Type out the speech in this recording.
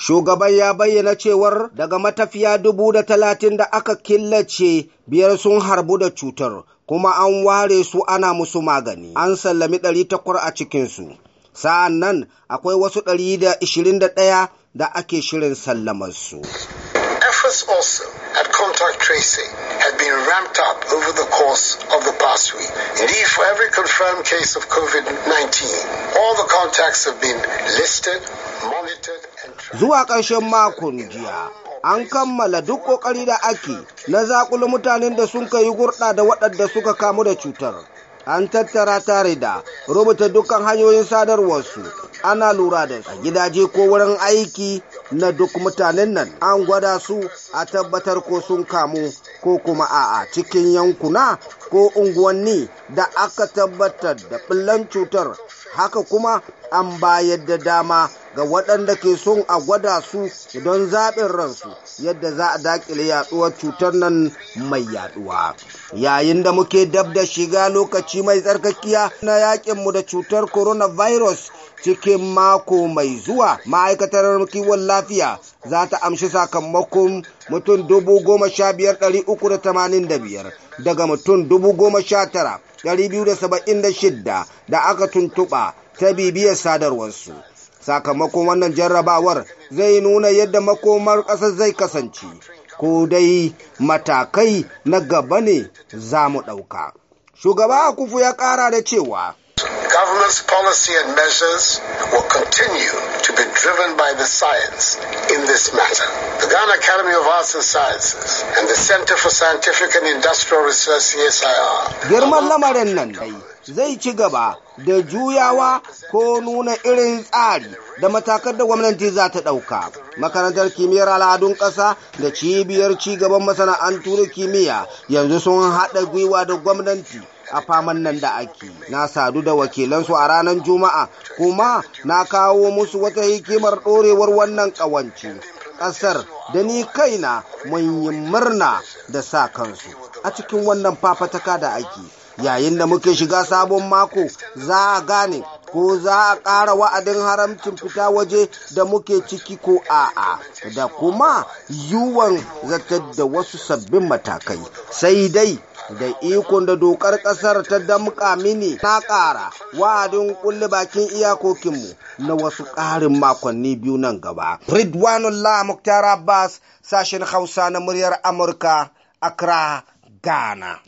Shugaban ya bayyana cewar daga matafiya dubu da talatin da aka killace biyar sun harbu da cutar kuma an ware su ana musu magani. An sallami ɗari takwar a cikinsu. Sa'an nan akwai wasu ɗari da ishirin da ɗaya da ake shirin sallamarsu. su. contact tracing had been ramped up over the course of the past week. Indeed, for every confirmed case of COVID 19, all the contacts have been listed, monitored, and tracked. Zuwa ƙarshen makon jiya, an kammala duk ƙoƙari da ake na zakulu mutanen da sun kai gurɗa da waɗanda suka kamu da cutar. An tattara tare da rubuta dukkan hanyoyin sadarwarsu ana lura da gidaje ko wurin aiki na duk mutanen nan an gwada su a tabbatar ko sun kamu ko kuma a'a cikin yankuna ko unguwanni da aka tabbatar da ɓillan cutar haka kuma an bayar da dama ga waɗanda ke son a gwada su don zaɓin ransu yadda za a daƙile yaɗuwar cutar nan mai yaɗuwa yayin da muke dab da shiga lokaci mai tsarkakiya na yaƙinmu da cutar coronavirus cikin mako mai zuwa ma'aikatar kiwon lafiya za ta amshi sakamakon mutum dubu goma sha biyar ɗari uku da tamanin da biyar daga mutum dubu goma sha tara ɗari biyu da saba'in da shidda da aka tuntuɓa ta bibiyar sadarwarsu sakamakon wannan jarrabawar zai nuna yadda makomar ƙasar zai kasance ko dai matakai na gaba ne za mu ɗauka shugaba akufu ya ƙara da cewa government's policy and measures will continue to be driven by the science in this matter. The Ghana Academy of Arts and Sciences and the Center for Scientific and Industrial Research CSIR. Girman lamarin nan dai zai ci gaba da juyawa ko nuna irin tsari da matakan da gwamnati za ta ɗauka. Makarantar kimiyyar al'adun ƙasa da cibiyar cigaban masana'antu na kimiyya yanzu sun haɗa gwiwa da gwamnati a faman nan da ake na sadu da wakilansu a ranar juma'a kuma na kawo musu wata hikimar ɗorewar wannan ƙawanci ƙasar da ni kaina mun yi murna da sa kansu a cikin wannan fafataka da ake yayin da muke shiga sabon mako za a gane ko za a ƙara wa'adin haramcin fita waje da muke ciki ko a'a da kuma yiwuwan zartar da wasu sabbin matakai sai dai da ikon da dokar kasar ta damƙa mini na ƙara wa'adin kulle bakin iyakokinmu na wasu ƙarin makonni biyu nan gaba. Ridwanullah Muktar Abbas sashen Hausa na muryar Amurka, Accra, gana.